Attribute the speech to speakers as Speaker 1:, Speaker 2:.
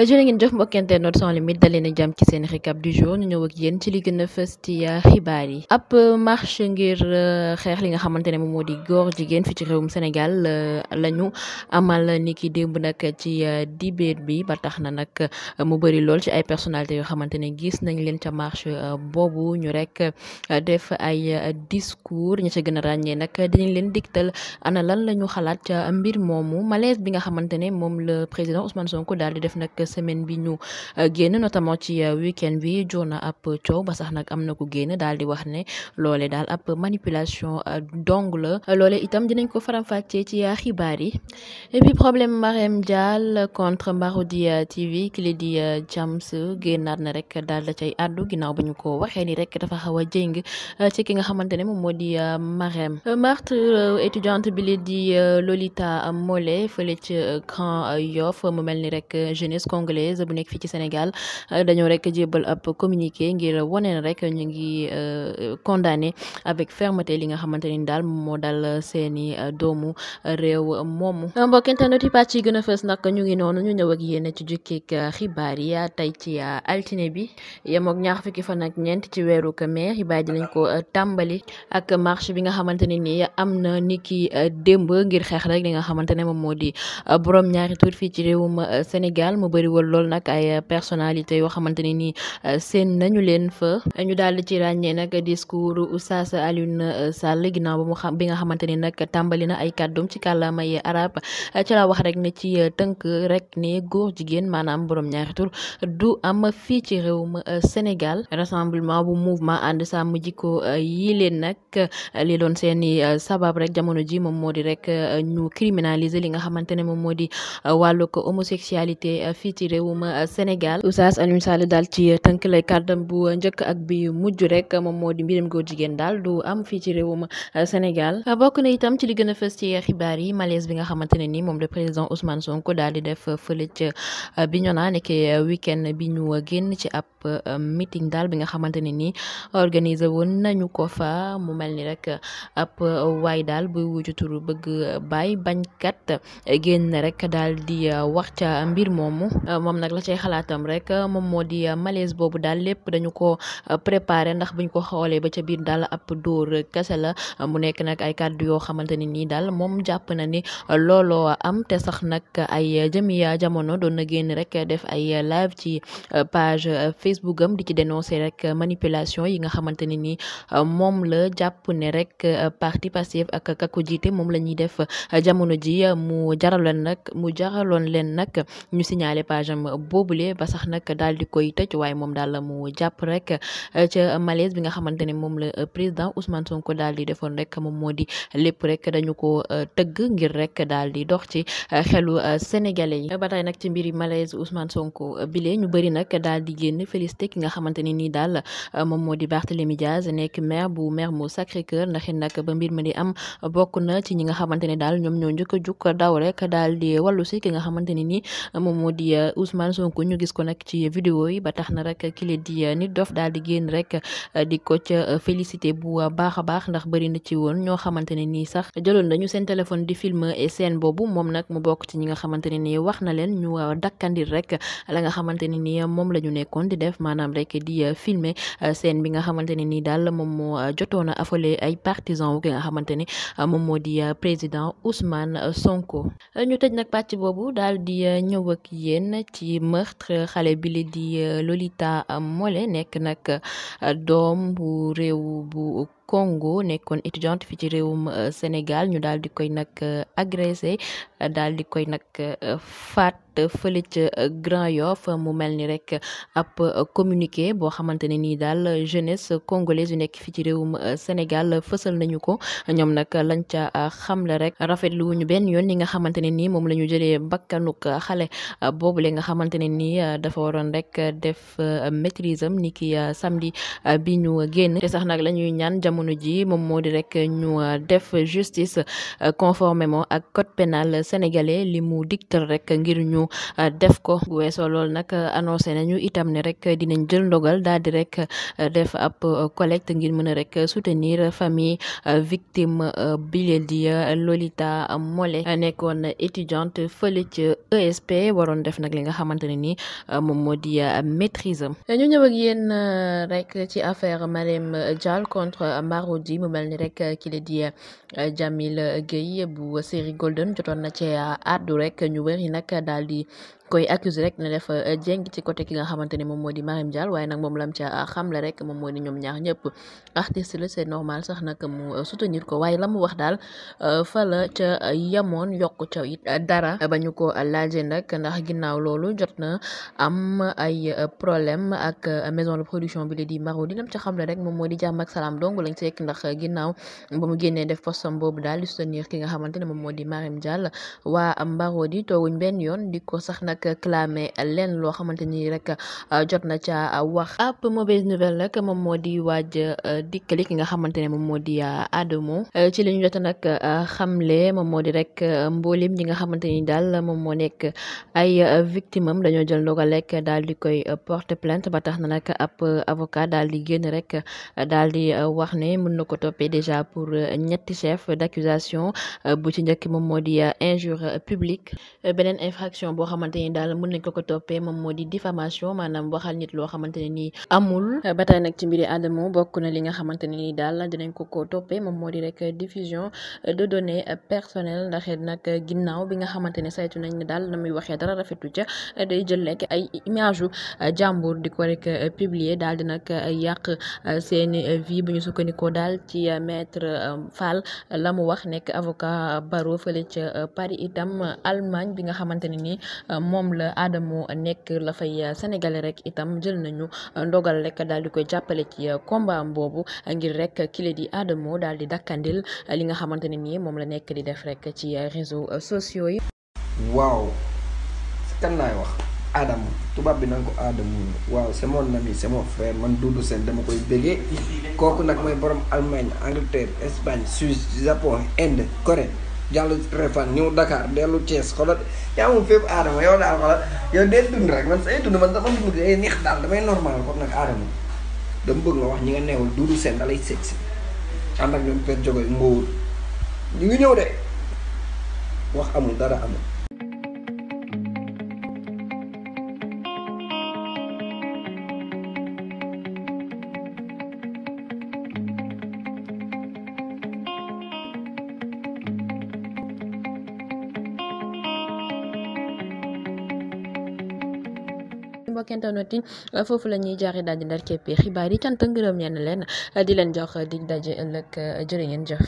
Speaker 1: Euh, jërë ngeen jëf mbokkente note sans limite dalee seen récap du jour ñu ñëw ak yéen ci li a fës ci euh, xibaar euh, xeex li nga xamante ne moom moo di góor jigéen fi ci réewum Sénégal lañu amal ni ki démb nag ci dibéer bi ba tax na nag mu bëri lool ci ay personnalité yoo xamante ne gis nañ leen ca marché boobu ñu rek def ay discours ñu ca gën a ràññee nag dinañ leen digtal ana lan la xalaat ca mbir moomu malaise bi nga xamante ne moom la président Ousmane Sonko daal di def nag semaine bi ñu euh, génn notamment ci euh, weekend bi jur na ab coow ba sax nag am na ku génn daal di wax ne loole daal ab manipulation euh, dong la loole itam dinañ ko faram-fàccee ci xibaar yi et puis problème Marème Dial contre Marodi TV ki li di James génnaat na rek daal da cay àddu ginnaaw ba ñu ko waxee ni rek dafa xaw a jéng ci ki nga xamante ne moom moo di Marème martre étudiante bi li di Lolita a fële ci Grand Yoff mu mel ni rek jeunesse congolais bu nekk fii ci Sénégal euh, dañoo rek jébal ab communiqué ngir wane na rek ñu ngi euh, condamné avec fermeté li nga xamante ni daal moo dal seeni euh, doomu réew moomu. mbokk internet yi pàcc yi gën a fës nag ñu ngi noonu ñu ñëw ak yéen ci jukkeeg xibaar ya tey ci altine bi yem ak ñaar fukki fan ak ñeent ci weeru mais xibaar ji lañ ko tàmbali ak marche bi nga xamante ne nii am na ni ki démb ngir xeex rek li nga xamante ne moom moo di borom ñaari tur fii ci bëri woon lool nag ay euh, personnalité yoo xamante ne nii euh, seen nañu leen fa ñu daal di ci ràññee nag discours Oustaz Alioune euh, Sall ginnaaw ba mu xam bi nga xamante ni nag tàmbali na ay kàddum ci kàllaama yi arab ci la wax rek ne ci tënk rek ni góor jigéen maanaam boroom ñaari du am fii ci ma Sénégal rassemblement bu mouvement ànd sàmm jikko yi leen nag li doon seeni sabab rek jamono ji moom moo di rek ñu criminaliser li nga xamante moom moo di wàllu ko fii ci réewum euh, Sénégal Oustaz Alioune Sall daal ci tënk lay kàddam bu euh, njëkk ak bi mujj rek moom moo di mbiram góor jigéen daal du am fii ci réewum euh, Sénégal bokk na itam ci li gën a fës ci xibaar yi malaise bi nga xamante ne ni moom le président Ousmane Sonko daal di def fële ca Bignona nekk week-end bi ñu génn ci ab meeting daal bi nga xamante ne ni organisé woon nañu ko fa mu mel ni rek ab waay daal buy wuju turu bëgg baay bañkat génn rek daal di wax ca mbir moomu Euh, moom nag la cay xalaatam rek euh, moom moo di euh, malaise boobu daal lépp dañu ko préparer ndax buñ ko xoolee ba ca biir daal ab door kese la mu nekk nag ay kàddu yoo xamante ni nii daal moom jàpp na ni looloo am te sax nag ay jëmi jamono doon na génn rek def ay live ci page Facebook am di ci dénoncer rek manipulation yi nga xamante ni nii moom la jàpp ne rek parti Pastef ak kako jiite moom la ñuy def jamono ji mu jaraloon nag mu jaraloon leen nag ñu signaler page am boobule ba sax nag daal koy tëj waaye moom daal la mu jàpp rek euh, ca malaise bi nga xamante ne moom la euh, président Ousmane sonk daal di defoon rek moom moo di lépp rek dañu ko euh, tëgg ngir rek daal di dox ci xelu sénégalais yi ba tey nag ci mbiri malaise Ousmane Sonko bile ñu bëri nag daal di génn félicité ki nga xamante ni nii daal moom moo di Barthélémy Diaz nekk maire bu maire mu Sacré-Cœur ndax it ba mbir ma di am bokk na ci ñi nga xamante ne ñoom ñoo njëkk a jug Euh, Ousmane Sonko ñu gis ko nag ci vidéo yi ba tax na rek kile di euh, nit dof daal di génn rek euh, di ko ca félicité bu baax a baax ndax bëri na ci woon ñoo xamante ne nii sax jëloon nañu seen téléphone di film seen boobu moom nag mu bokk ci ñi nga xamante ne nii wax na leen ñu dakkandil rek la nga xamante ne nii moom la ñu nekkoon di def maanaam rek di filmer scène bi nga xamante ne nii daal moom moo jotoon a affolé ay partisans wu ki nga xamante ne moom moo di président Ousmane Sonko na ci meurtre xale bi li di euh, Lolita Mole nekk nag euh, doom bu réew bu Congo nekkoon étudiante fi ci réewum euh, Sénégal ñu daal di koy nag euh, agressé daal di koy nag euh, faat fële ca Grand Yoff mu mel ni rek ab communiqué boo xamante ne nii daal jeunesse congolaise yu nekk fii ci réewum Sénégal fësal nañu ko ñoom nag lañ ca xamle rek rafetlu wuñu benn yoon li nga xamante ne nii moom la ñu jëlee bakkanuk xale boobule nga xamante ne nii dafa waroon rek def maîtrise am ni ki samedi bi ñu te sax nag la ñaan jamono jamono ji moom moo di rek ñu euh, def justice euh, conformément ak code pénal sénégalais li mu diktal rek ngir ñu euh, def ko bu weesoo loolu nag annoncé nañu itam ne rek dinañ jël ndogal daal di rek def ab collecte ngir mën a rek soutenir famille victime bile di Lolita Mole nekkoon étudiante fële ci ESP waroon def nag li nga xamante ne ni mom moo di maîtrise ñu ñëw ak rek ci affaire Marème Dial contre Marodi mu mel ni rek euh, ki la di euh, Jamil Gueye bu série Golden jotoon na cee euh, àddu rek ñu wër yi nag daal di koy accusé rek ne dafa euh, jéng ci côté ki nga xamante ne moom moo di Mariam Dial waaye nag moom lam ca euh, xamle rek moom di ñoom ñaar ñëpp la c'est normal sax nag euh, la mu wax daal fa la ca dara ba ñu ko laajee nag ndax ginnaaw loolu jot na am ay problème ak maison de production bi la di Marodi lam ca xamle rek moom moo di jàmm ak salaam dong lañ sekk ndax ginnaaw ba mu def postam boobu daal di soutenir ki nga xamante ne moom moo di Mariam Dial yoon di sax nag nag clamé leen loo xamante ni rek euh, jot na ca euh, wax ab mauvaise nouvelle rek moom moo di waaj euh, dikkali ki nga xamante ne moom moo di Adamo ci li ñu jot nag le moom moo di rek mboolim ñi nga xamante ni daal moom moo nekk ay victime am dañoo jël ndogal rek daal di koy porte plainte ba tax na nag ab avocat daal di génn rek daal di wax ne mën na ko toppee déjà pour ñetti chef d'accusation bu ci njëkk moom di injure publique beneen infraction boo xamante ni ni daal mën nañ ko ko toppee moom moo di diffamation maanaam waxal nit loo xamante ne nii amul ba tey nag ci mbiri Adamo bokk na li nga xamante ne daal dinañ ko ko toppee moom moo di rek diffusion de bi nga jël lekk image u di ko rek publier daal di nag yàq vie bu ñu sukkandikoo daal ci maître Fall la mu wax nekk avocat Barreau fële ca Paris itam Allemagne bi nga xamante ne moom la Adamo nekk la fay euh, sénégalais rek itam jël nañu euh, ndogal rekk daal di koy jàppale ci euh, combat boobu ngir rek kile di Adamo daal di dakkandil li nga xamante ne nii moom la nekk di def rek ci réseaux sociaux yi. waaw kan laay wax Adamo tubaab bi nanga ko waaw c'est mon ami c'est mon man Doudou Sène dama koy bëggee kooku nag mooy borom Allemagne Angleterre Espagne Suisse Japon Inde Corée. jàll Réfane ñëw Dakar dellu Thiès xoolal yaa moom fépp aadama yow daal xoolal yow dee dund rek man say dund man sama dund day eh, neex daal damay normal kon nag aadama dama bëgg nga wax ñi nga neewal duudu seen dalay seet si ànd ak ñoom per jóge mbóowul ñu ngi ñëw de wax amul dara amul mbokk internet yi foofu la ñuy jaaree daal di ndar képp xibaar yi cant ngërëm ñenn leen di leen jox dig daje ëllëg jërë ngeen jëf